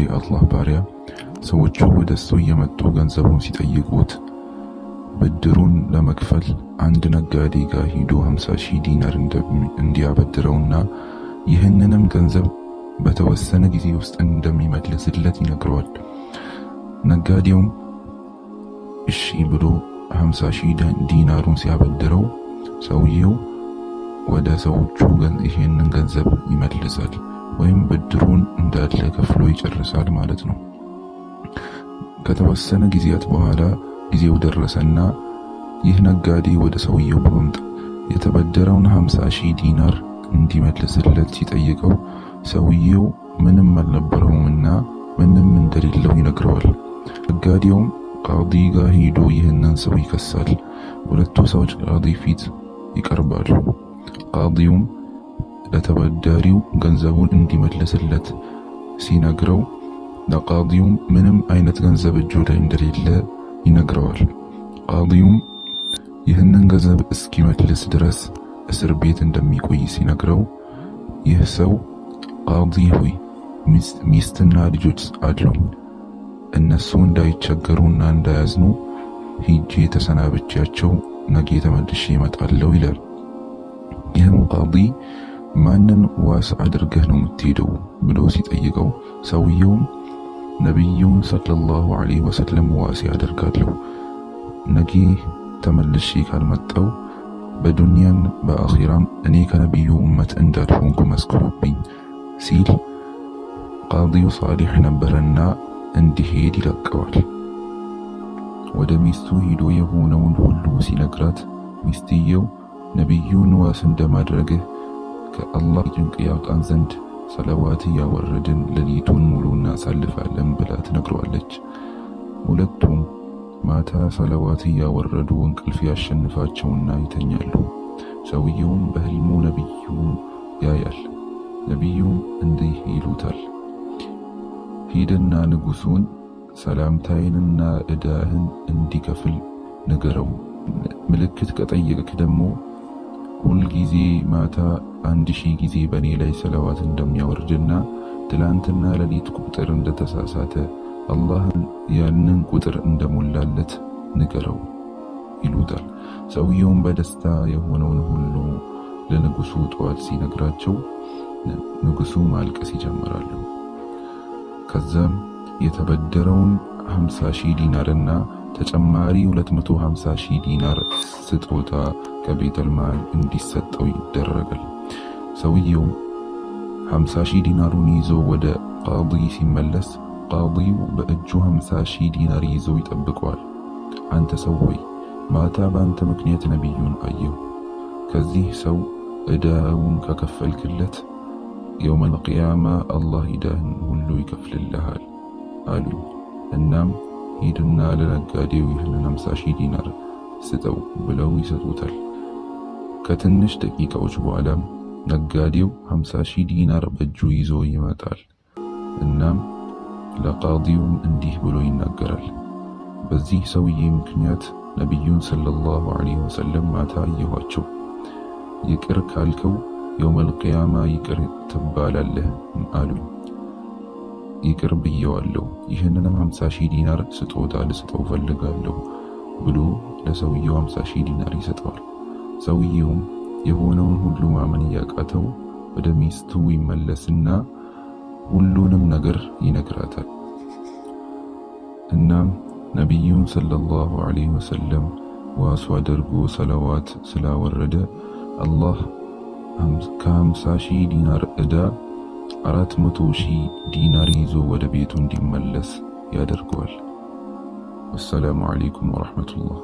አንድ የአላህ ባሪያ ሰዎቹ ወደ እሱ እየመጡ ገንዘቡን ሲጠይቁት ብድሩን ለመክፈል አንድ ነጋዴ ጋር ሂዶ 50 ሺህ ዲናር እንዲያበድረውና ይህንንም ገንዘብ በተወሰነ ጊዜ ውስጥ እንደሚመልስለት ይነግረዋል። ነጋዴውም እሺ ብሎ 50 ሺህ ዲናሩን ሲያበድረው ሰውየው ወደ ሰዎቹ ይህንን ገንዘብ ይመልሳል። ወይም ብድሩን እንዳለ ከፍሎ ይጨርሳል ማለት ነው። ከተወሰነ ጊዜያት በኋላ ጊዜው ደረሰና ይህ ነጋዴ ወደ ሰውየው በመምጣት የተበደረውን 50 ሺህ ዲናር እንዲመልስለት ሲጠይቀው ሰውየው ምንም አልነበረውምና ምንም እንደሌለው ይነግረዋል። ነጋዴውም ቃዲ ጋር ሄዶ ይህንን ሰው ይከሳል። ሁለቱ ሰዎች ቃዲ ፊት ይቀርባሉ። ቃዲውም ለተበዳሪው ገንዘቡን እንዲመልስለት ሲነግረው ለቃዲውም ምንም አይነት ገንዘብ እጁ ላይ እንደሌለ ይነግረዋል። ቃዲውም ይህንን ገንዘብ እስኪመልስ ድረስ እስር ቤት እንደሚቆይ ሲነግረው ይህ ሰው ቃዲ ሆይ ሚስትና ልጆች አለው እነሱ እንዳይቸገሩና እንዳያዝኑ ሂጄ ተሰናብቻቸው ነገ ተመልሼ ይመጣለሁ ይላል። ይህም ቃዲ ማንን ዋስ አድርገህ ነው የምትሄደው ብሎ ሲጠይቀው ሰውየውም ነቢዩን ሰለላሁ ዐለይሂ ወሰለም ዋስ አደርጋለሁ ነጌ ተመልሼ ካልመጣው በዱንያም በአኺራም እኔ ከነቢዩ ኡመት እንዳልሆንኩ መስክሩብኝ ሲል ቃዲው ሷሊሕ ነበረና እንዲሄድ ይለቀዋል። ወደ ሚስቱ ሂዶ የሆነውን ሁሉ ሲነግራት ሚስትየው ነቢዩን ዋስ እንደማድረግህ ከአላህ ጭንቅ ያውጣን ዘንድ ሰለዋት እያወረድን ሌሊቱን ሙሉ እናሳልፋለን ብላ ትነግረዋለች። ሁለቱም ማታ ሰለዋት እያወረዱ እንቅልፍ ያሸንፋቸውና ይተኛሉ። ሰውየውም በህልሙ ነቢዩ ያያል። ነቢዩም እንዲህ ይሉታል፣ ሂድና ንጉሡን ሰላምታዬንና ዕዳህን እንዲከፍል ንገረው። ምልክት ከጠየቅክ ደግሞ ሁልጊዜ ማታ አንድ ሺህ ጊዜ በእኔ ላይ ሰለዋት እንደሚያወርድና ትላንትና ሌሊት ቁጥር እንደተሳሳተ አላህን ያንን ቁጥር እንደሞላለት ንገረው ይሉታል። ሰውየውም በደስታ የሆነውን ሁሉ ለንጉሱ ጠዋት ሲነግራቸው ንጉሱ ማልቀስ ይጀምራሉ። ከዛም የተበደረውን 50 ሺህ ዲናርና ተጨማሪ 250 ሺህ ዲናር ስጦታ ከቤተል መሃል እንዲሰጠው ይደረጋል። ሰውየውም ሀምሳ ሺህ ዲናሩን ይዞ ወደ ቃዲ ሲመለስ ቃዲው በእጁ ሀምሳ ሺህ ዲናር ይዞ ይጠብቀዋል። አንተ ሰው ሆይ ማታ በአንተ ምክንያት ነቢዩን አየሁ። ከዚህ ሰው ዕዳውን ከከፈልክለት የውመል ቂያማ አላህ ዕዳህን ሁሉ ይከፍልልሃል አሉኝ። እናም ሂድና ለነጋዴው ይህንን ሀምሳ ሺህ ዲናር ስጠው ብለው ይሰጡታል። ከትንሽ ደቂቃዎች በኋላም ነጋዴው 50 ሺህ ዲናር በእጁ ይዞ ይመጣል። እናም ለቃዲውም እንዲህ ብሎ ይናገራል። በዚህ ሰውዬ ምክንያት ነቢዩን ሰለላሁ ዐለይሂ ወሰለም ማታ አየኋቸው። ይቅር ካልከው የውመል ቂያማ ይቅር ትባላለህ አሉኝ። ይቅር ብየዋለሁ። ይህንንም 50 ሺህ ዲናር ስጦታ ልስጠው ፈልጋለሁ ብሎ ለሰውየው 50 ሺህ ዲናር ይሰጠዋል። ሰውየውም የሆነውን ሁሉ ማመን እያቃተው ወደ ሚስቱ ይመለስና ሁሉንም ነገር ይነግራታል። እናም ነቢዩን ሰለላሁ ዐለይሂ ወሰለም ዋሱ አድርጎ ሰለዋት ስላወረደ አላህ ከሀምሳ ሺህ ዲናር ዕዳ አራት መቶ ሺህ ዲናር ይዞ ወደ ቤቱ እንዲመለስ ያደርገዋል። ወሰላሙ ዐለይኩም ወረሕመቱላህ